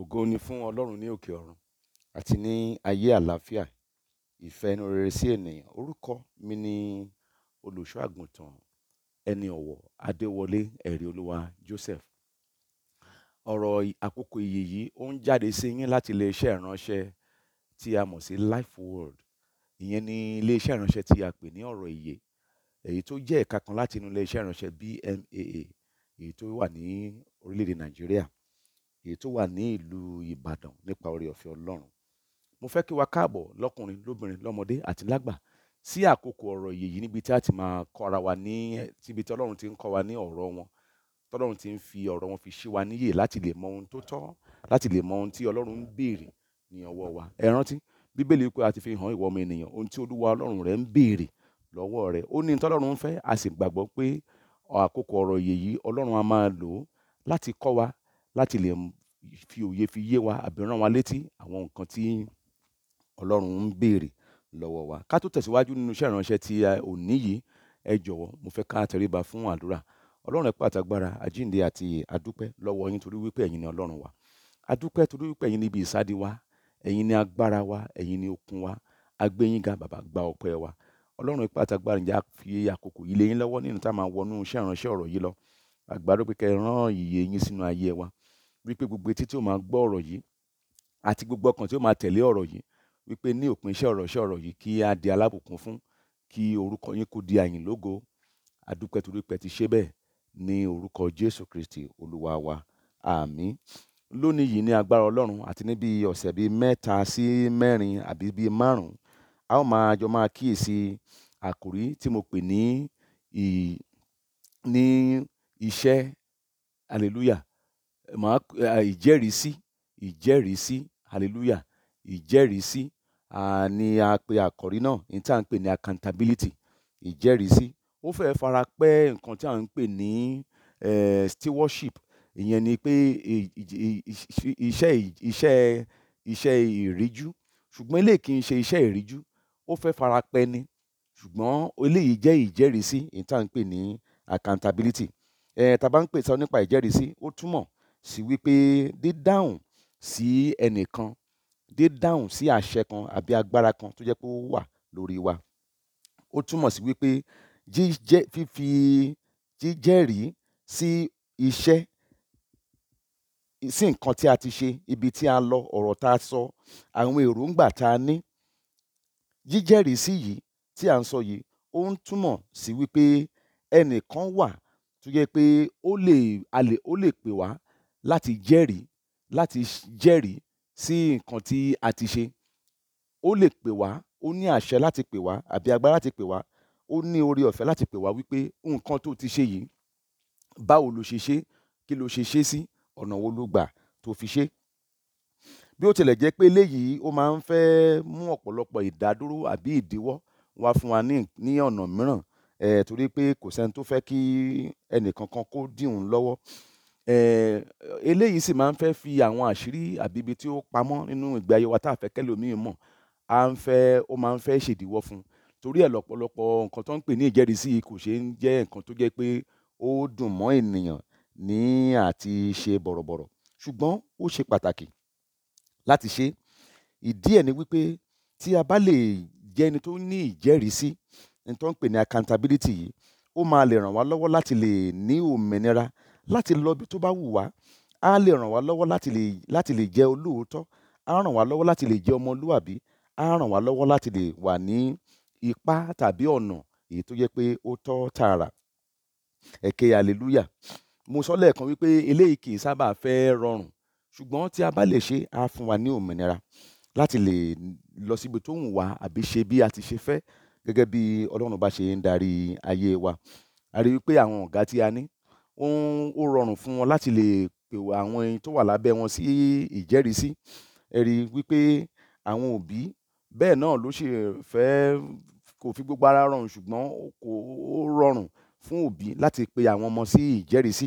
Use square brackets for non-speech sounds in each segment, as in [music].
ògo ni fún ọlọ́run ní òkè ọ̀run àti ní ayé àlàáfíà ìfẹ́ inú rere sí ènìyàn orúkọ mi ni olùṣọ́ àgùntàn ẹni ọ̀wọ̀ adéwọlé ẹ̀rí olúwa joseph ọ̀rọ̀ àkókò ìyè yìí ó ń jáde sí yín láti iléeṣẹ́ ìránṣẹ́ tí a mọ̀ sí life world ìyẹn ni iléeṣẹ́ ìránṣẹ́ tí a pè ní ọ̀rọ̀ ìyè èyí tó jẹ́ ẹ̀ka kan láti inú iléeṣẹ́ ìránṣẹ́ BMAA èyí tó wà ní orílẹ̀-èdè nàìjíríà èyí tó wà ní ìlú Ìbàdàn nípa oore ọ̀fẹ́ Ọlọ́run mo fẹ́ kí wa káàbọ̀ lọ́kùnrin lóbìnrin lọ́mọdé àti lágbà sí àkókò ọ̀rọ̀ yìí níbi tí a ti máa kọ́ ara wa ní tíbi tí Ọlọ́run ti ń kọ́ wa ní ọ̀rọ̀ wọn tọ́lọ́run ti ń fi ọ̀rọ̀ wọn fi ṣí wa níyè láti lè mọ ohun tó tọ́ láti lè mọ ohun tí Ọlọ́run ń béèrè ní ọwọ́ wa ẹ rántí Bíbélì pé a ti fi hàn ìwọ ọmọ ènìyàn ohun tí Olúwa Ọlọ́run rẹ ń béèrè lọ́wọ́ rẹ ó ní tọ́lọ́run ń fẹ́ a sì gbàgbọ́ pé àkókò ọ̀rọ̀ yìí Ọlọ́run a máa lò láti kọ́ wa láti lè fi òye fi yé wa àbí rán wa létí àwọn nǹkan tí Ọlọ́run ń béèrè lọ́wọ́ wa. Ká tó tẹ̀síwájú nínú iṣẹ́ ìránṣẹ́ ti eh, òní yìí, ẹ jọ̀wọ́ mo fẹ́ ká tẹríba fún àdúrà. Ọlọ́run ẹ̀pẹ́ àtàgbára, àjíǹde àti àdúpẹ́ lọ́wọ́ yín torí wípé ẹ̀yin ni Ọlọ́run wa. Àdúpẹ́ torí wípé ẹ̀yin ni ibi ìsádi wa, ẹ̀yin ni agbára wa, ẹ̀yin ni okun wa. Agbéyínga bàbá gba ọpẹ́ wa. Ọlọ́run ẹ̀pẹ́ àtàgbára ǹjẹ́ fi àkókò yìí yín lọ́wọ́ nínú tá a máa wọnú iṣẹ́ ìránṣẹ́ ọ̀rọ̀ yìí lọ. Àgbàdo pé kẹ́ rán ìyè yín sínú ayé wa wípé gbogbo etí tí ó máa gbọ́ ọ̀rọ̀ yìí àti gbogbo ọkàn tí ó máa tẹ̀lé ọ̀rọ̀ yìí wípé ní òpin iṣẹ́ ọ̀rọ̀ iṣẹ́ ọ̀rọ̀ yìí kí á di alábùkún fún kí orúkọ yín kó di àyìn lógo adúpẹ́ torí pé ti ṣe bẹ́ẹ̀ ní orúkọ Jésù Kristi olúwa wa àmín lónìí yìí ní agbára Ọlọ́run àti ní ọ̀sẹ̀ bíi mẹ́ta sí mẹ́rin àbí bíi márùn-ún a ó máa jọ máa kíyèsí àkòrí tí mo pè ní ní iṣẹ́ hallelujah màá ìjẹ́rìísí ìjẹ́rìísí hallelujah ìjẹ́rìísí ni a pe àkòrí náà ní tí à ń pè ní accountability ìjẹ́rìísí ó fẹ́ fara pẹ́ nǹkan tí à ń pè ní stewardship ìyẹn ni pé iṣẹ́ iṣẹ́ iṣẹ́ ìríjú ṣùgbọ́n eléyìí kì í ṣe iṣẹ́ ìríjú ó fẹ́ fara pẹ́ ni ṣùgbọ́n eléyìí jẹ́ ìjẹ́rìísí ní tí à ń pè ní accountability tá a bá ń pè sọ nípa ìjẹ́rìísí ó túmọ̀ sí wípé dídáhùn sí ẹnìkan dídáhùn sí àṣẹ kan àbí agbára kan tó jẹ́ pé ó wà lórí wa ó túmọ̀ sí wípé jíjẹ́ fífi jíjẹ́rìí sí iṣẹ́ sí nǹkan tí a ti ṣe ibi tí a lọ ọ̀rọ̀ tá a sọ àwọn èròǹgbà tá a ní jíjẹ́rìí sí yìí tí à ń sọ yìí ó ń túmọ̀ sí wípé ẹnìkan wà tó yẹ pé ó lè pè wá láti jẹ́rìí láti jẹ́rìí sí nǹkan tí a ti ṣe ó lè pè wá ó ní àṣẹ láti pè wá àbí agbára láti pè wá ó ní oore ọ̀fẹ́ láti pè wá wípé nǹkan tó ti ṣe yìí báwo lo ṣe ṣe kí lo ṣe ṣe sí ọ̀nà wo lo gbà tó fi ṣe. bí ó tilẹ̀ jẹ́ pé eléyìí ó máa ń fẹ́ mú ọ̀pọ̀lọpọ̀ ìdádúró àbí ìdíwọ́ wá fún wa ní ọ̀nà mìíràn ẹ̀ torí pé kò sẹ́ni tó fẹ́ kí ẹnìkankan kó dí òun lọ́wọ́ um eléyìí sì máa ń fẹ́ fi àwọn àṣírí àbí tí ó pamọ́ nínú ìgbé ayé wa tá a fẹ́ kẹ́lòmíì mọ̀ á ń fẹ́ ó máa ń fẹ́ ṣèdíwọ́ fún un torí ẹ̀ lọ́pọ̀lọpọ̀ nǹkan tó ń pè ní ìjẹ́rìísí kò ṣe ń jẹ́ nǹkan tó jẹ́ pé ó dùn mọ́ ènìyàn ní àti ṣe bọ̀rọ̀bọ̀rọ̀ ṣùgbọ́n ó ṣe pàtàkì láti ṣe ìdí ẹ̀ ni wípé tí a bá lè jẹ́ ẹni tó ní ìjẹ́rìísí ní tó ń pè ní accountability yìí ó máa lè ràn wá lọ́wọ́ láti lè ní òmìnira láti lọ ibi tó bá wù wá á lè ràn wá lọ́wọ́ láti lè láti lè jẹ́ olóòótọ́ á ràn wá lọ́wọ́ láti lè jẹ́ ọmọlúwàbí á ràn wá lọ́wọ́ láti lè wà ní ipá tàbí ọ̀nà èyí tó jẹ́ pé ó tọ́ tààrà ẹ̀kẹ́ hallelujah mo sọ lẹ́ẹ̀kan wípé eléyìí kì í sábà fẹ́ rọrùn ṣùgbọ́n tí a bá lè ṣe á fún wa ní òmìnira láti lè lọ síbi tó wù wá àbí ṣe bí a ti ṣe fẹ́ gẹ́gẹ́ bí ọlọ́run bá ṣe ń darí ayé wa a rí i àwọn ọ̀gá tí a ní ó rọrùn fún wọn láti lè pè àwọn ẹni tó wà lábẹ́ wọn sí ìjẹ́rìísí ẹ rí i wípé àwọn òbí bẹ́ẹ̀ náà ló ṣe fẹ́ kò fi gbogbo ara rọrùn ṣùgbọ́n kò ó rọrùn fún òbí láti pe àwọn ọmọ sí ìjẹ́rìísí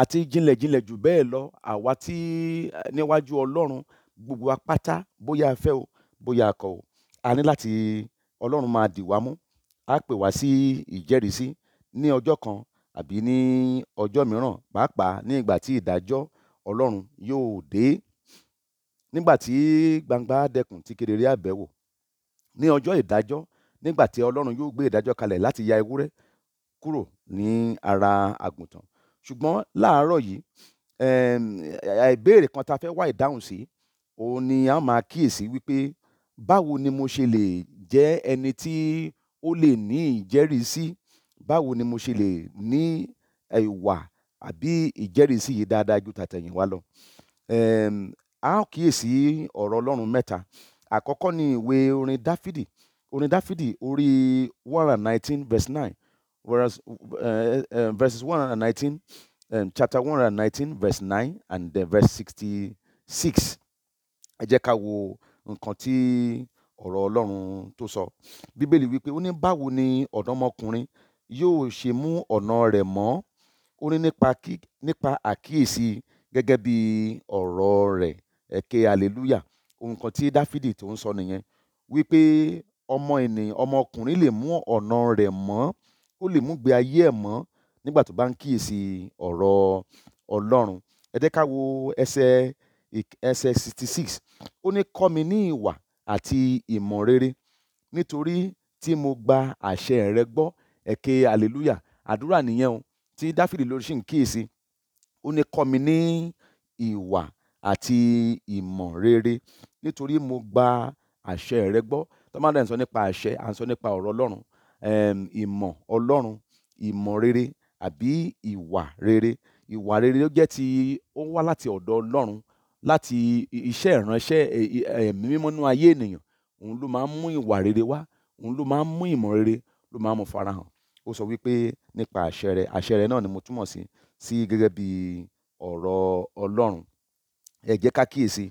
àti jinlẹ̀jinlẹ̀ jù bẹ́ẹ̀ lọ àwa tí níwájú Ọlọ́run gbogbo wa pátá bóyá a fẹ́ o bóyá a kọ̀ o a ní láti Ọlọ́run máa dì wá mú á pè wá sí ìjẹ́rìísí ní ọjọ́ kan àbí ní ọjọ́ mìíràn, pàápàá ní ìgbà tí ìdájọ́ Ọlọ́run yóò dé. Nígbà tí gbangba á dẹkùn tí kedere á bẹ̀wò. Ní ọjọ́ ìdájọ́, nígbà tí Ọlọ́run yóò gbé ìdájọ́ kalẹ̀ láti ya ewúrẹ́ kúrò ní ara àgùntàn. Ṣùgbọ́n láàárọ̀ yìí, um ìbéèrè kan ta fẹ́ wá ìdáhùn sí, òun ni a máa kíyèsí wípé báwo ni mo ṣe lè jẹ́ ẹni tí ó lè ní ìjẹ́rìísí báwo ni mo ṣe lè ní ìwà àbí ìjẹ́rìísí yìí dáadáa ju tàtẹ̀yìn wá lọ. a ó kíyèsí ọ̀rọ̀ ọlọ́run mẹ́ta àkọ́kọ́ ni ìwé orin dáfídì orin dáfídì orí one hundred nineteen verse nine whereas uh, verses one hundred nineteen chapter one hundred nineteen verse nine and uh, verse sixty-six ẹ jẹ́ ká wo nǹkan tí ọ̀rọ̀ ọlọ́run tó sọ bíbélì wípé ó ní báwo ni ọ̀dọ́mọkùnrin yóò ṣe mú ọ̀nà rẹ̀ mọ́ ó ní nípa àkíyèsí gẹ́gẹ́ bí ọ̀rọ̀ rẹ̀ ẹ̀kẹ́ hallelujah ohun kan tí dáfídì tó ń sọ nìyẹn wípé ọmọ ènìyàn ọmọkùnrin lè mú ọ̀nà rẹ̀ mọ́ ó lè mú gbé ayé ẹ̀ mọ́ nígbà tó bá ń kíyèsí ọ̀rọ̀ ọlọ́run ẹ jẹ́ ká wo ẹsẹ̀ ẹsẹ̀ sixty six ó ní kọ́ mi ní ìwà àti ìmọ̀ rere nítorí tí mo gba àṣẹ rẹ gbọ́ èké hallelujah àdúrà nìyẹn o tí dáfídì lórí sì ń kíyèsí ó ní kọ́ mi ní ìwà àti ìmọ̀ rere nítorí mo gba àṣẹ rẹ gbọ́ tọ́mọdé ń sọ nípa àṣẹ à ń sọ nípa ọ̀rọ̀ ọlọ́run ìmọ̀ ọlọ́run ìmọ̀ rere àbí ìwà rere ìwà rere ló jẹ́ ti ó wá láti ọ̀dọ̀ ọlọ́run láti iṣẹ́ ìránṣẹ́ ẹ̀mí mímọ́ ayé ènìyàn òun ló máa ń mú ìwà rere wá òun ló máa ń mú ìmọ̀ rere ló máa ń mú farahàn ó sọ wípé nípa àṣẹ rẹ àṣẹ rẹ náà ni mo túmọ̀ sí sí gẹ́gẹ́ bí ọ̀rọ̀ ọlọ́run ẹ jẹ́ ká kíyèsí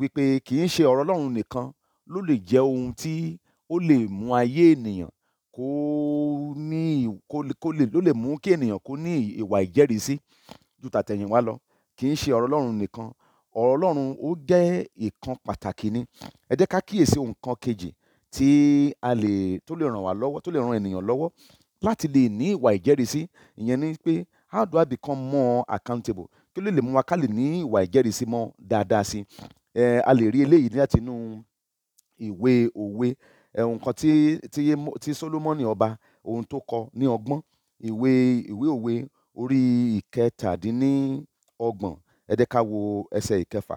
wípé kì í ṣe ọ̀rọ̀ ọlọ́run nìkan ló lè jẹ́ ohun tí ó lè mú ayé ènìyàn kó ní kó lè ló lè mú kí ènìyàn kó ní ìwà ìjẹ́rìísí ju tàtẹ̀yìnwá lọ kì í ṣe ọ̀rọ̀ ọlọ́run nìkan ọ̀rọ̀ ọlọ́run ó jẹ́ ìkan pàtàkì ni ẹ jẹ́ ká kíyèsí ohun kan kejì tí a lè tó lè ràn wá lọ́wọ́ tó lè ràn ènìyàn lọ́wọ́ láti lè ní ìwà ìjẹ́rìísí ìyẹn ni pé how do I become more accountable kí ló lè mú wa ká lè ní ìwà ìjẹ́rìísí mọ́ dáadáa sí ẹ a lè rí eléyìí láti inú ìwé òwe nǹkan tí tí tí Solomoni ọba ohun tó kọ ní ọgbọ́n ìwé ìwé òwe orí ìkẹtàdínní ọgbọ̀n ẹ jẹ́ ká wo ẹsẹ̀ ìkẹfà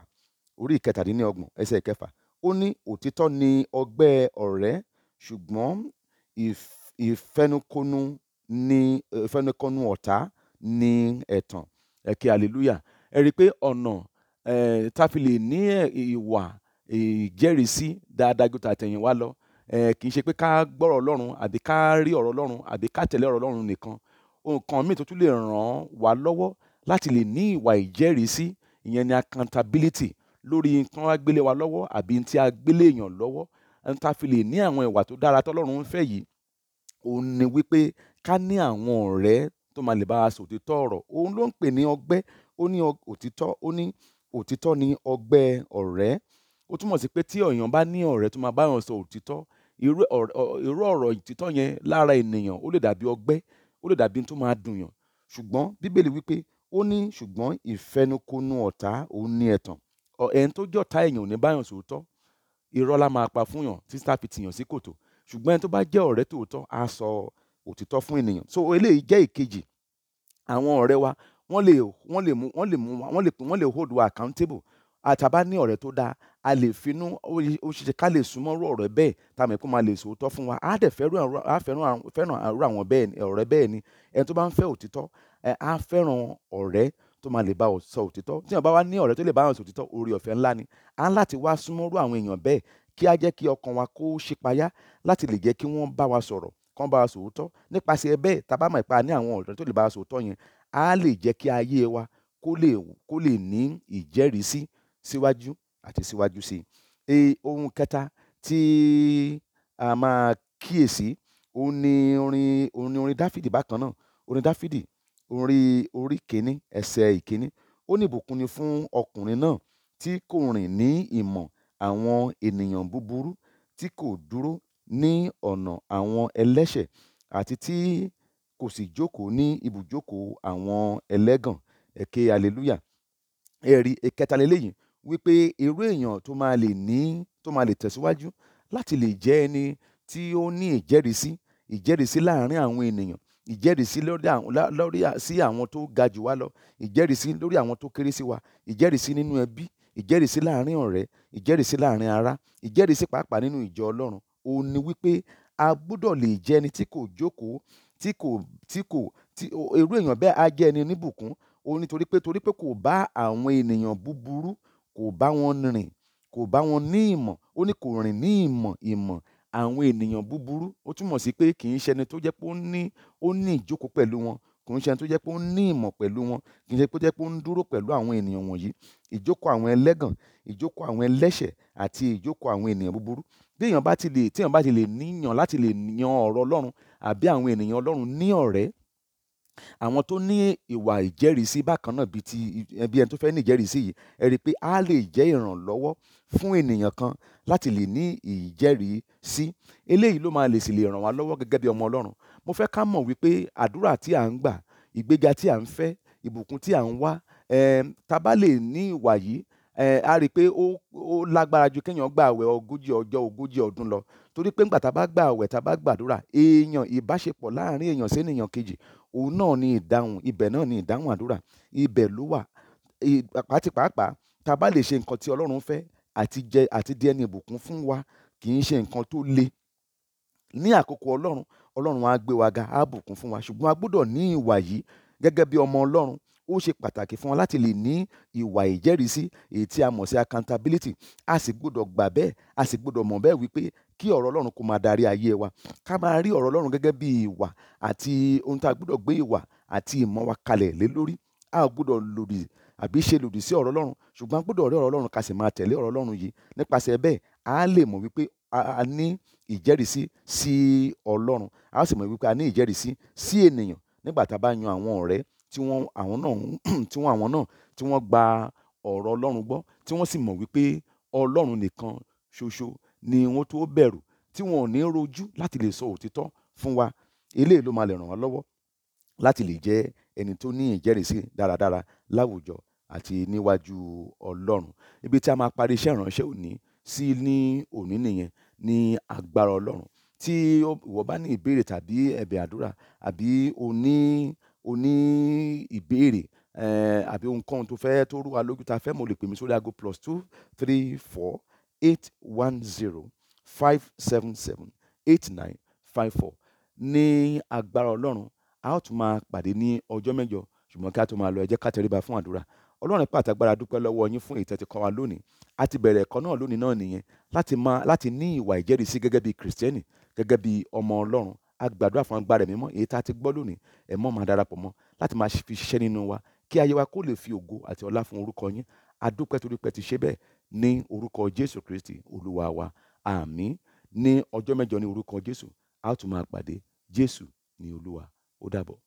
orí ìkẹtàdínní ẹsẹ̀ ìkẹfà ó ní òtítọ́ ni ọgbẹ́ ọ̀rẹ́ ṣùgbọ́n ìfẹnukonu ọ̀tá ni ẹ̀tàn ẹ̀kẹ́ hallelujah ẹ rí i pé ọ̀nà tá a fi lè ní ìwà ìjẹ́rìísí dáadáa ju tàtẹ̀yìnwá lọ kì í ṣe pé ká gbọ́rọ̀ ọlọ́run àbí ká rí ọ̀rọ̀ ọlọ́run àbí ká tẹ̀lé ọ̀rọ̀ ọlọ́run nìkan nǹkan míì tó tún lè ràn wá lọ́wọ́ láti lè ní ìwà ìjẹ́rìísí ìyẹn ni accountability lórí nǹkan agbélé wa lọ́wọ́ àbí tí agbélé èèyàn lọ́wọ́ ń ta fi lè ní àwọn ìwà tó dára tọ́lọ́run ń fẹ́ yìí òun ni wípé ká ní àwọn ọ̀rẹ́ tó máa lè bá a sọ òtítọ́ ọ̀rọ̀ òun ló ń pè ní ọgbẹ́ ó ní òtítọ́ ó ní òtítọ́ ní ọgbẹ́ ọ̀rẹ́ ó túmọ̀ sí pé tí èèyàn bá ní ọ̀rẹ́ tó máa bá èèyàn sọ òtítọ́ irú ọ̀rọ̀ òtítọ́ yẹn lára ènìyàn ó lè dàbí ọgbẹ́ ó lè dàbí tó máa dùn ṣùgbọ́n bíbélì wípé ó ní ṣùgbọ́n ìfẹnukonu ọ̀tá òun ní ẹ̀tàn ẹni tó jọ̀ta èèyàn ò ní báyàn sòótọ́ irọ́ la máa pa fún yàn títà fi tìyàn sí kòtò ṣùgbọ́n ẹni tó bá jẹ́ ọ̀rẹ́ tòótọ́ á sọ òtítọ́ fún ènìyàn so eléyìí jẹ́ ìkejì àwọn ọ̀rẹ́ wa wọ́n lè wọ́n lè mú wọ́n lè mú wọ́n lè wọ́n lè hold wa accountable àtàbá ní ọ̀rẹ́ tó dáa a lè finú ó ṣe ká lè súnmọ́rú ọ̀rẹ́ bẹ́ẹ̀ tá a mọ̀ pé máa lè sòótọ́ fún wa á dẹ̀ fẹ́ràn àrùn àwọn ọ̀rẹ́ bẹ́ẹ̀ ni ẹni tó bá ń fẹ́ òtítọ́ á fẹ́ràn ọ̀rẹ́ tó máa lè bá ọ sọ òtítọ́ tí èèyàn bá wá ní ọ̀rẹ́ tó lè bá ọ sọ òtítọ́ oore ọ̀fẹ́ ńlá ni à ń láti wá súnmọ́rú àwọn èèyàn bẹ́ẹ̀ kí á jẹ́ kí ọkàn wa kó ṣípayá láti lè jẹ́ kí wọ́n bá wa sọ̀rọ̀ kán bá wa sòótọ́ nípasẹ̀ bẹ́ẹ̀ tá a bá mọ̀ ipa ní àwọn ọ̀rẹ́ tó lè bá wa sòótọ́ yẹn á lè jẹ́ kí ayé wa kó lè kó lè ní ìjẹ́rìísí síwájú àti síwájú sí i. E, ohun kẹta tí a máa kíyèsí òun ni orin orin dáfídì bákan náà orin dáfídì orí orí kìíní ẹsẹ̀ ìkíní ó ní ìbùkún ni fún ọkùnrin náà tí kò rìn ní ìmọ̀ àwọn ènìyàn búburú tí kò dúró ní ọ̀nà àwọn ẹlẹ́ṣẹ̀ àti tí kò sì jókòó ní ibùjókòó àwọn ẹlẹ́gàn ẹ̀kẹ́ hallelujah ẹ̀rí ìkẹta lélẹ́yìn wípé irú èèyàn tó máa lè ní tó máa lè tẹ̀síwájú láti lè jẹ́ ẹni tí ó ní ìjẹ́rìísí ìjẹ́rìísí láàárín àwọn ènìyàn ìjẹ́rìísí lórí sí àwọn tó ga jù wá lọ ìjẹ́rìísí lórí àwọn tó kéré sí wa ìjẹ́rìísí nínú ẹbí ìjẹ́rìísí láàrin ọ̀rẹ́ ìjẹ́rìísí láàrin ará ìjẹ́rìísí pàápàá nínú ìjọ ọlọ́run ó ní wípé a gbọ́dọ̀ lè jẹ́ ẹni tí kò jókòó tí kò tí kò tí irú èèyàn bẹ́ẹ̀ á jẹ́ ẹni oníbùkún ó ní torí pé torí pé kò bá àwọn ènìyàn búburú kò bá wọn rìn kò bá wọn ní ìmọ̀ ó ní kò rìn ní ìmọ̀ ìmọ̀ àwọn ènìyàn búburú ó túmọ̀ sí pé kì í ṣẹni tó jẹ́ pé ó ní ó ní ìjókòó pẹ̀lú wọn kò ń ṣẹni tó jẹ́ pé ó ní ìmọ̀ pẹ̀lú wọn kì í ṣe pé ó jẹ́ pé ó ń dúró pẹ̀lú àwọn ènìyàn wọ̀nyí ìjókòó àwọn ẹlẹ́gàn ìjókòó àwọn ẹlẹ́ṣẹ̀ àti ìjókòó àwọn ènìyàn búburú bí èèyàn bá ti lè tí èèyàn bá ti lè níyàn láti lè yan ọ̀rọ̀ Ọlọ́run àbí àwọn ènìyàn Ọlọ́run ní ọ̀rẹ́ àwọn tó ní ìwà ìjẹ́rìísí bákan náà bíi ti ẹbí eh, ẹni tó fẹ́ ní ìjẹ́rìísí yìí ẹ rí i pé a lè jẹ́ ìrànlọ́wọ́ fún ènìyàn kan láti lè ní ìjẹ́rìísí eléyìí ló máa lè sì lè ràn wá lọ́wọ́ gẹ́gẹ́ bí ọmọ Ọlọ́run mo fẹ́ ká mọ̀ wípé àdúrà tí à ń gbà ìgbéga tí à ń fẹ́ ìbùkún tí à ń wá eh, tá lè ní ìwà yìí eh, a rí i pé ó lágbára ju kéèyàn gba àwẹ̀ ogójì ọjọ́ ogójì ọdún lọ torí pé ńgbà tá bá gba àwẹ̀ tá bá gbàdúrà èèyàn ìbáṣepọ̀ láàárín èèyàn sénìyàn kejì òun náà ni ìdáhùn ibẹ̀ náà ni ìdáhùn àdúrà ibẹ̀ ló wà pàápàá tá a bá lè ṣe nǹkan tí ọlọ́run fẹ́ àti jẹ àti di ẹni ìbùkún fún wa kì í ṣe nǹkan tó le ní àkókò ọlọ́run ọlọ́run á gbé wa ga á bùkún fún wa ṣùgbọ́n a gbọ́dọ̀ ní ìwà yìí gẹ́gẹ́ bí ọmọ ọlọ́run ó ṣe pàtàkì fún wa láti lè ní ìwà ìjẹ́rìísí èyí tí a mọ̀ sí accountability a sì gbọ́dọ̀ gbà bẹ́ẹ̀ a sì gbọ́dọ̀ mọ̀ bẹ́ẹ̀ wípé kí ọ̀rọ̀ ọlọ́run kó máa darí ayé wa ká máa rí ọ̀rọ̀ ọlọ́run gẹ́gẹ́ bí ìwà àti ohun tá a gbọ́dọ̀ gbé ìwà àti ìmọ̀ wa kalẹ̀ lé lórí a gbọ́dọ̀ lòdì àbí ṣe lòdì sí ọ̀rọ̀ ọlọ́run ṣùgbọ́n a gbọ́dọ̀ rí ọ̀rọ̀ ọlọ́run ká sì máa tẹ̀lé ọ̀rọ̀ ọlọ́run yìí nípasẹ̀ bẹ́ẹ̀ a lè mọ̀ wípé a ní ìjẹ́rìísí sí ọlọ́run a sì mọ̀ wípé a ní ìjẹ́rìísí sí ènìyàn nígbà tá a bá yan àwọn ọ̀rẹ́ tí wọ́n àwọn náà [clears throat] tí wọ́n àwọn náà tí wọ́n gba ọ̀rọ̀ ọlọ́run gbọ́ tí wọ́n sì mọ̀ wípé ọlọ́run nìkan ṣoṣo ni wọ́n tó bẹ̀rù tí wọn ò ní rojú láti lè sọ òtítọ́ fún wa eléyìí ló máa lè ràn wá lọ́wọ́ láti lè jẹ́ ẹni tó ní ìjẹ́rìísí dáradára láwùjọ àti níwájú ọlọ́run ibi tí a máa parí iṣẹ́ ìránṣẹ́ òní sí ní òní nìyẹn ní agbára ọlọ́run tí ìwọ bá ní ìbéèrè tàbí ẹ̀bẹ̀ àdúrà àbí o ní o ní ìbéèrè eh, àbí ohunkóhun tó fẹ́ tó rú wa lójú ta fẹ́ mo lè pè mí sórí aago plus two three four eight one zero five seven seven eight nine five four ní agbára ọlọ́run a ó tún máa pàdé ní ọjọ́ mẹ́jọ ṣùgbọ́n kí a tó máa lọ ẹ jẹ́ ká tẹríba fún àdúrà ọlọ́run pàtàgbára dúpẹ́ lọ́wọ́ yín fún ìtẹ́tí kan wa lónìí a ti bẹ̀rẹ̀ ẹ̀kọ́ náà lónìí náà nìyẹn láti máa láti ní ìwà ìjẹ́rìísí gẹ́gẹ́ bí kìrìsìtẹ́nì gẹ́gẹ́ bí ọmọ ọlọ́run a gbàdúrà fún agbára ẹ̀mí mímọ́ èyí tá a ti gbọ́ lónìí ẹ mọ́ máa darapọ̀ mọ́ láti máa fi ṣiṣẹ́ nínú wa kí ayé wa kó lè fi ògo àti ọlá fún orúkọ yín a dúpẹ́ torí ti ṣe bẹ́ẹ̀ ní orúkọ Jésù Kristi Olúwa wa àmín ní ọjọ́ mẹ́jọ ní orúkọ Jésù a tún máa pàdé Jésù ní Olúwa ó dàbọ̀.